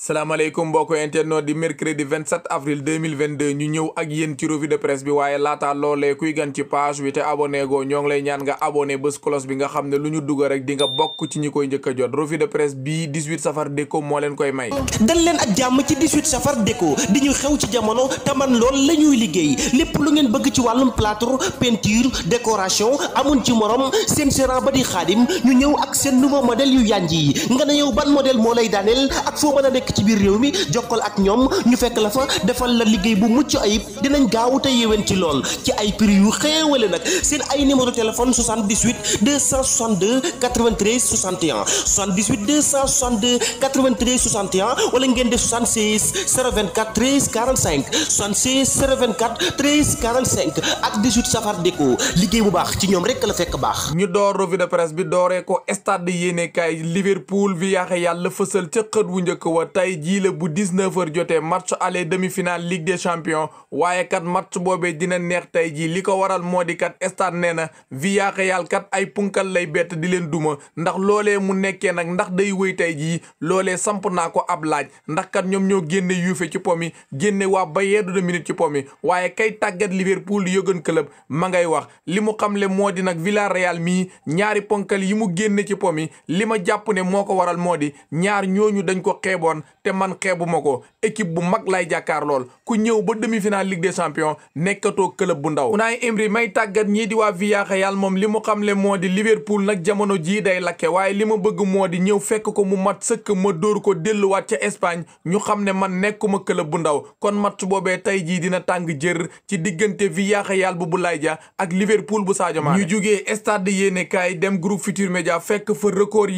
salaamaaleykum mbokk internet di mercredi 27 avril 2022 ñu ñëw ak yéen ci revue de presse bi waaye laata loolee kuy gan ci page bi te abonné goo ñoo lay ñaan nga abonné bés cloche bi nga xam ne lu ñu dugg rek di nga bokk ci ñi koy njëkk a jot revue de presse bii 18 safar déco moo leen koy may dal leen ak jàmm ci 18 safar déco di ñu xew ci jamono taman lool la liggéey lépp lu ngeen bëgg ci wàllum plâtre peinture décoration amun ci morom seen gérant ba di xaadim ñu ñëw ak seen nouveau modèle yu yanj yi nga ne nekk ci biir réew mi jokkal ak ñoom ñu fekk la fa defal la liggéey bu mucc ayib dinañ gaaw te yéwén ci lool ci ay prix yu xéewale nag seen ay numéro téléphone 78 262 93 61 78 262 93 61 wala ngeen def 76 024 13 45 76 024 13 45 ak 18 safar déco liggéey bu baax ci ñoom rek la fekk baax. ñu door revue de presse bi dooree ko stade yéene kaay Liverpool bi yaaxe yàlla fësal ca xët wu njëkk wa. tey jii la bu 19h jotee match aller demi-finale Ligue des champions waaye kat match boobee dina neex tey jii li ko waral moo di kat stade nee na Villarreal kat ay punkal lay bett di leen duma ndax loolee mu nekkee nag ndax day wéy tey jii loolee samp naa ko ab laaj ndax kat ñoom ñoo génne yuufe ci po mi génne waa ba Bayern de Munich ci po mi waaye kay tàggat Liverpool Jürgen Klopp ma ngay wax li mu xam xamle moo di nag Villarreal mii ñaari ponkal yi mu génne ci po mi li ma jàpp ne moo ko waral moo di ñaar ñooñu dañ ko xeeboon te man xeebuma ko équipe bu mag lay jàkkaar lool ku ñëw ba demi-finale Ligue des Champions nekkatoo club bu ndaw Unai Emery may tàggat ñii di waa Villarreal moom li mu xamle moo di Liverpool nag jamono jii day lakke waaye li ma bëgg moo di ñëw fekk ko mu mat sëkk ma door ko delluwaat ca Espagne ñu xam ne man nekkuma club bu ndaw kon match boobee tey jii dina tàng jër ci diggante Villarreal bu Boulaye ja ak Liverpool bu Sadio Mané ñu jugee stade yéenekaay dem groupe Futurs Médias fekk fa record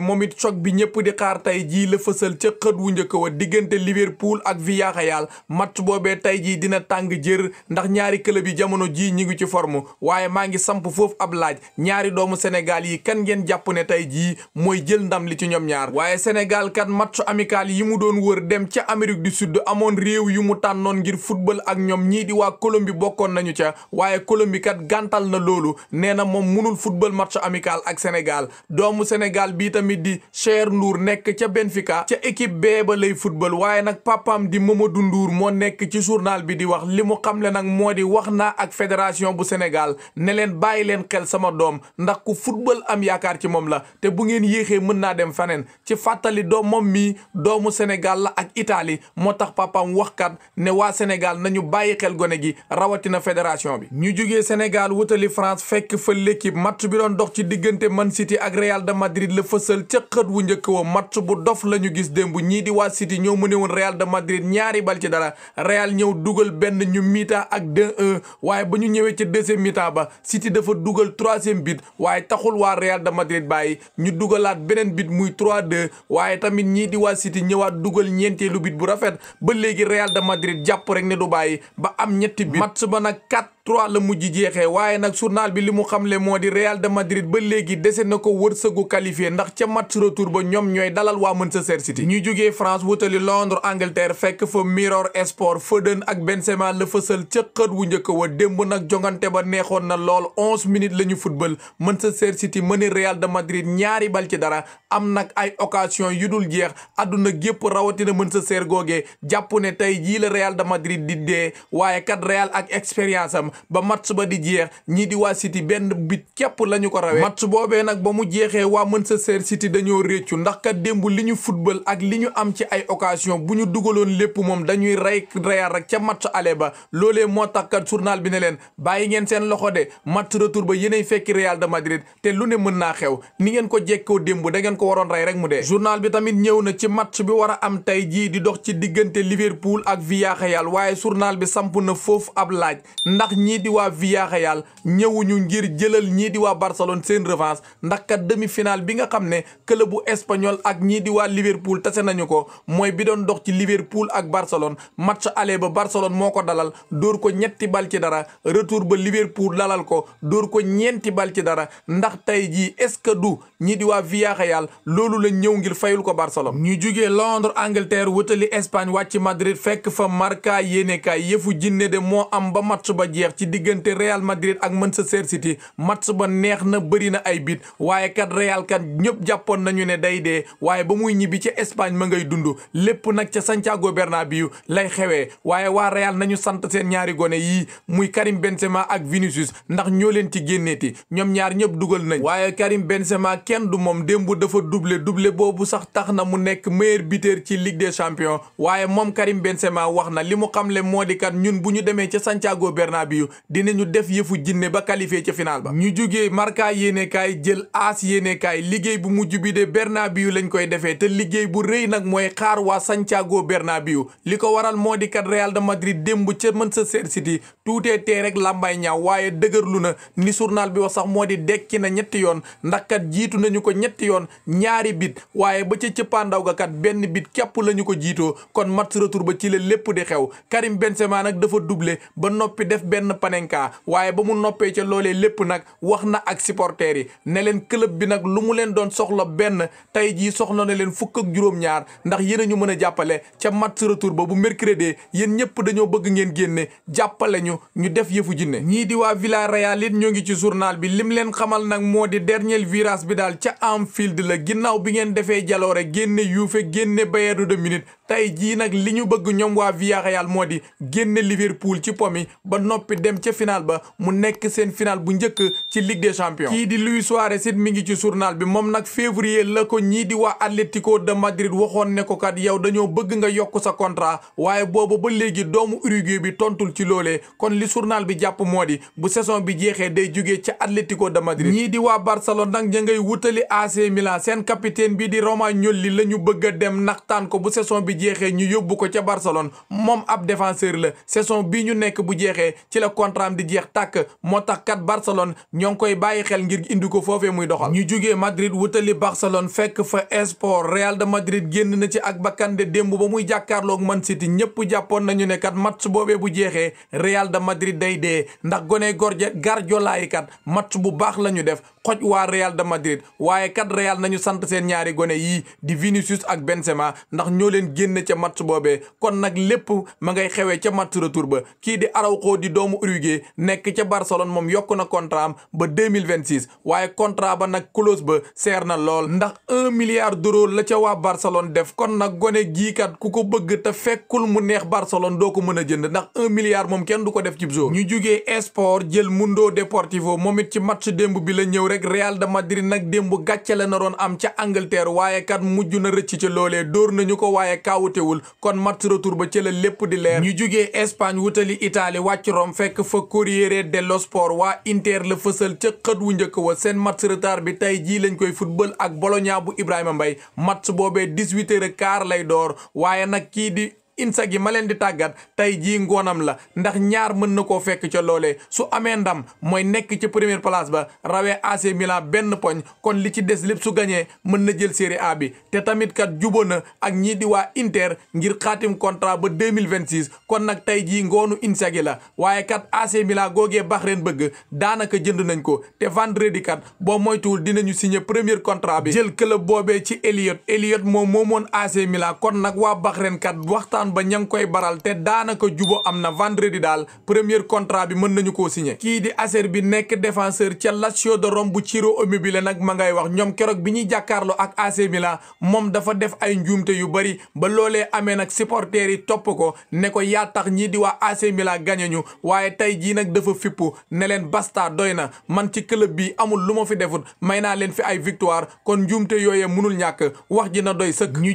moom it choc bi ñëpp di xaar tey jii la fësal ca xët wu njëkk wa diggante Liverpool ak Villarreal match boobee tey jii dina tàng jër ndax ñaari club yi jamono jii ñi ngi ci forme waaye maa ngi samp foofu ab laaj ñaari doomu Sénégal yi kan ngeen jàpp ne tey jii mooy jël ndam li ci ñoom ñaar waaye Sénégal kat match amical yi mu doon wër dem ca Amérique du Sud amoon réew yu mu tànnoon ngir football ak ñoom ñii di waa Colombie bokkoon nañu ca waaye kolombikat gantal na loolu nee na moom mënul football match amical ak Sénégal doomu Sénégal bi tamit di Cher Ndour nekk ca Benfica ca équipe bee ba lay futbal waaye nag papaam di Mamadou Ndour moo nekk ci journal bi di wax li mu xamle nag moo di wax naa ak fédération bu Sénégal ne leen bàyyi leen xel sama doom ndax ku football am yaakaar ci moom la te bu ngeen yéexee mën naa dem feneen ci fàttali doom moom mii doomu Sénégal la ak Italie moo tax wax waxkat ne waa Sénégal nañu bàyyi xel gone gi rawatina fédération bi. ñu jógee Sénégal wutali France fekk fa l'équipe match bi doon dox ci diggante Man City ak Real de Madrid la fësal ca xët njëkk wa match bu dof la ñu gis démb bu ñii di waa City ñëw mu ne woon Real de Madrid ñaari bal ci dara Real ñëw dugal benn ñu miita ak 2-1 waaye ba ñu ñëwee ca deuxième mi-temps ba siti dafa dugal troisième but waaye taxul waa Real de Madrid bàyyi ñu dugalaat beneen but muy trois 2 waaye tamit ñii di waa City ñëwaat dugal ñeenteelu but bu rafet ba léegi Real de Madrid jàpp rek ne du bàyyi ba am ñetti but match ba nag 4 3 la mujj jeexe waaye nag journal bi li mu xamle moo di Real de Madrid ba léegi dese na ko wërsëgu qualifié ndax ca match retour ba ñoom ñooy dalal waa mën sa Manchester City ñu jógee France wutali Londres Angleterre fekk fa Mirror Sport Foden ak Benzema la fësal ca xët wu njëkk wa démb nag jongante ba neexoon na lool onze minutes la ñu football Manchester City mëne Real de Madrid ñaari bal ci dara am nag ay occasion yu dul jeex adduna gépp rawatina Manchester googee jàpp ne tey jii la Real de Madrid di dee waaye kat Real ak expérience am ba match ba di jeex ñii di waa City benn bit képp la ñu ko rawee match boobee nag ba mu jeexee waa Manchester City dañoo réccu ndax kat démb li ñu futbal ak li ñu am ci ay occasion bu ñu dugaloon lépp moom dañuy rey Real rek ca match aller ba loolee moo tax kat journal bi ne leen bàyyi ngeen seen loxo de match retour ba yéenay fekki Real de Madrid te lu ne mën naa xew ni ngeen ko jekkoo démb da ngeen ko waroon rey rek mu dee journal bi tamit ñëw na ci match bi war a jii di dox ci diggante Liverpool ak Villarreal waaye journal bi samp na foofu ab laaj ñii di waa Villarreal ñëwuñu ngir jëlal ñii di waa Barcelone seen revanche ndax kat demi-finale bi nga xam ne club bu espagnol ak ñii di waa Liverpool tase nañu ko mooy bi doon dox ci Liverpool ak Barcelone match aller ba Barcelone moo ko dalal dóor ko ñetti bal ci dara retour ba Liverpool dalal ko dóor ko ñeenti bal ci dara ndax tey ji est-ce que du ñii di waa Villarreal loolu la ñëw ngir fayul ko Barcelone. ñuy jugee Londres Angleterre wutali Espagne wàcc Madrid fekk fa Marca yéenekaay yëfu jinne de moo am ba match ba jeex. ci diggante Real Madrid ak Manchester City match ba neex na bëri na ay bit waaye kat Real kat ñëpp jàppoon nañu ne day dee waaye ba muy ñibbi ca Espagne ma ngay dund lépp nag ca Santiago Bernabéu lay xewee waaye waa Real nañu sant seen ñaari gone yii muy Karim Benzema ak Vinicius ndax ñoo leen ci génneeti ñoom ñaar ñëpp dugal nañ waaye Karim Benzema kenn du moom démb dafa doublé duble boobu sax tax na mu nekk meilleur buteur ci Ligue des Champions waaye moom Karim wax na li mu xamle moo di kat ñun bu ñu demee ca Santiago Bernabéu yu ñu def yëfu jinne ba qualifié ca final ba ñu jógee Marca yéenekaay jël AS yéenekaay liggéey bu mujj bi de Bernabéu lañ koy defee te liggéey bu rëy nag mooy xaar waa Santiago Bernabéu li ko waral moo di kat Real de Madrid démb ca Manchester City tuutee tee rek lambay ñaaw waaye dëgërlu na ni journal bi wax sax moo di dekki na ñetti yoon ndax kat jiitu nañu ko ñetti yoon ñaari bit waaye ba ca cëppaandaw ga kat benn bit képp lañu ko jiitoo kon match retour ba ci la lépp di xew Karim Benzema nag dafa doublé benn waaye ba mu noppee ca loolee lépp nag wax na ak supporters yi ne leen club bi nag lu mu leen doon soxla benn tey jii soxla na leen fukk ak juróom-ñaar ndax yéen ñu mën a jàppale ca mat retour ba bu mercredi yéen ñëpp dañoo bëgg ngeen génne jàppale ñu ñu def yëfu jinne ñii di waa Villarreal it ñoo ngi ci journal bi lim leen xamal nag moo di dernier virage bi daal ca Anfield la ginnaaw bi ngeen defee jaloore génne Juve génne Bayern de Munich tey jii nag li ñu bëgg ñoom waa Villarreal moo di génne Liverpool ci po mi ba noppi dem ca final ba mu nekk seen final bu njëkk ci Ligue des Champions kii di Luis Suarez it mi ngi ci journal bi moom nag février la ko ñii di waa Atlético de Madrid waxoon ne ko kat yow dañoo bëgg nga yokk sa contrat waaye boobu ba léegi doomu Uruguay bi tontul ci loolee kon li journal bi jàpp moo di bu saison bi jeexee day jugee ca Atlético de Madrid ñii di waa Barcelone nag ña ngay wutali AC Milan seen capitaine bi di Romagnoli la ñu bëgg a dem naxtaan ko bu saison bi bi jeexee ñu yóbbu ko ca Barcelone moom ab défenseur la saison bii ñu nekk bu jeexee ci la contrat am di jeex tàkk moo tax kat Barcelone ñoo ngi koy bàyyi xel ngir indi ko foofe muy doxal. ñu jugee Madrid wutali Barcelone fekk fa Esport Real de Madrid génn na ci ak bakkan de démb ba muy jàkkaarloog Man City ñëpp jàppoon nañu ne kat match boobee bu jeexee Real de Madrid day dee ndax gone gorje Guardiola yi kat matt bu baax la ñu def xoj waa Real de Madrid waaye kat Real sant seen ñaari gone yii génne ca match boobee kon nag lépp ma ngay xewee ca match retour ba kii di Araujo di doomu Uruguay nekk ca Barcelone moom yokk na contrat am ba waaye contrat ba nag close ba seer na lool ndax un milliard d'euro la ca waa Barcelone def kon nag gone gii kat ku ko bëgg te fekkul mu neex Barcelone doo ko mën a jënd ndax un milliard moom kenn du ko def ci zoo ñu jugee esport jël Mundo Deportivo moom it ci match démb bi la ñëw rek Real de Madrid nag démb gàcce la naroon am ca Angleterre waaye kat mujj wutewul kon match retour ba ci la lépp di leer ñu jugee Espagne wutali Italie wàcc Rome fekk fa Corriere dello Sport waa Inter la fësal ca xët wu njëkk wa seen match bi tey jii lañ koy football ak Bologna bu Ibrahima mbay match boobee 18h15 lay door waaye nag kii di insa gi ma leen di tàggat tey jii ngoonam la ndax ñaar mën na koo fekk ca loole su amee ndam mooy nekk ci première place ba rawee AC Milan benn poñ kon li ci des lépp su gañee mën na jël série A bi te tamit kat jubóo na ak ñii di waa Inter ngir xaatim contrat ba 2026 kon nag tey jii ngoonu insa gi la waaye kat AC Milan googee Bahreïn bëgg daanaka jënd nañ ko te vendredi kat boo moytuwul dinañu signer premier contrat bi jël club boobee ci Elliott Elliott moom moomoon a Milan kon nag waa Bahreïn kat waxtaan waxtaan ba ña ngi koy baral te daanaka jubo am na vendredi daal premier contrat bi mën nañu koo signé kii di Acer bi nekk défenseur ca Lazio de Rome bu Ciro Immobile nag ma ngay wax ñoom keroog bi ñuy jàkkaarloo ak AC Milan moom dafa def ay njuumte yu bari ba loole amee nag supporters yi topp ko ne ko yaa tax ñii di waa AC Milan gagné ñu waaye tey jii nag dafa fippu ne leen basta doy na man ci club bi amul lu ma fi defut may naa leen fi ay victoire kon njuumte yooyee mënul ñàkk wax ji na doy sëkk ñu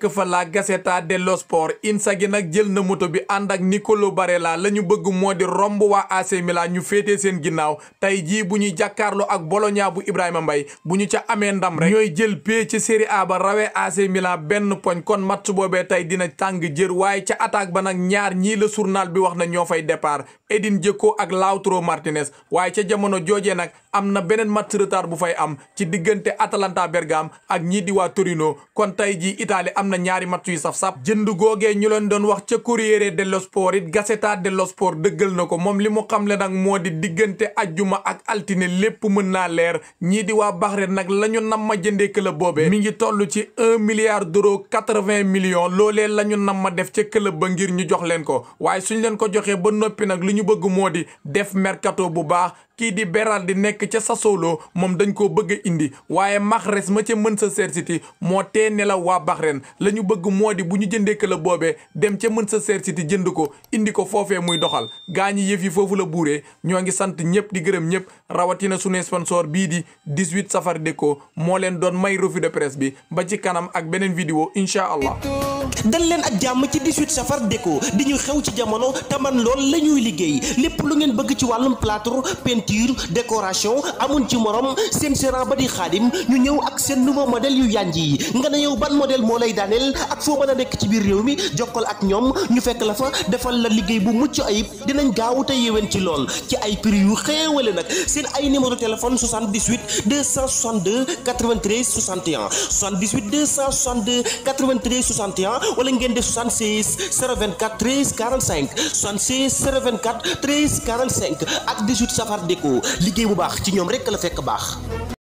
fekk fa la Gazzetta dello Sport Inzaghi nag jël na moto bi ànd ak Nicolo Barella la ñu bëgg moo di romb waa ñu féetee seen ginnaaw tey jii bu ñuy jàkkaarloo ak Bologna bu Ibrahima Mbaye bu ñu ca amee ndam rek jël pee ci Serie A ba rawee AC benn poñ kon match boobee tey dina tàng jër waaye ca attaque ba nag ñaar ñii la surnaal bi wax na ñoo fay départ Edin Dzeko ak Lautaro Martinez waaye ca jamono joojee nag am na beneen match retard bu fay am ci diggante Atalanta Bergame ak ñii di waa Torino kon tey jii Italie am am na ñaari match yu saf sap jënd googee ñu leen doon wax ca Corriere dello Sport it Gazzetta dello Sport dëggal na ko moom li mu xamle nag moo di diggante ajjuma ak altine lépp mën naa leer ñii di waa Bahreïn nag la ñu nam ma jëndee club boobee mi ngi toll ci un milliard d'euros quatre-vingts millions loolee la ñu nam ma def ca club ba ngir ñu jox leen ko waaye suñ leen ko joxee ba noppi nag li ñu bëgg moo di def mercato bu baax kii di Beraldi nekk ca sa solo moom dañ koo bëgg indi waaye Mahrez ma ca sa City moo tee ne la waa Bahrain la ñu bëgg moo di bu ñu jëndee club boobee dem ca mën Manchester City jënd ko indi ko foofee muy doxal gaa ñi yëf yi foofu la buuree ñoo ngi sant ñëpp di gërëm ñëpp rawatina sunu sponsor bii di 18 Safari Déco moo leen doon may revue de presse bi ba ci kanam ak beneen vidéo incha allah dal leen ak jàmm ci 18 safar déco di ñu xew ci jamono taman lool la ñuy liggéey lépp lu ngeen bëgg ci wàllum plâtre peinture décoration amun ci morom seen seran ba di xaadim ñu ñëw ak seen nouveau modèle yu yànj yi nga ne yow ban modèle moo lay daaneel ak foo mën a nekk ci biir réew mi jokkal ak ñoom ñu fekk la fa defal la liggéey bu mucc ayib dinañ gaaw te yéwén ci lool ci ay prix yu xéewale nag seen ay numéro téléphone 78 262 93 61 78 262 93 61 200 wala ngeen def 76 024 13 45 76 024 13 45 ak 18 safar déco liggéey bu baax ci ñoom rek la fekk baax.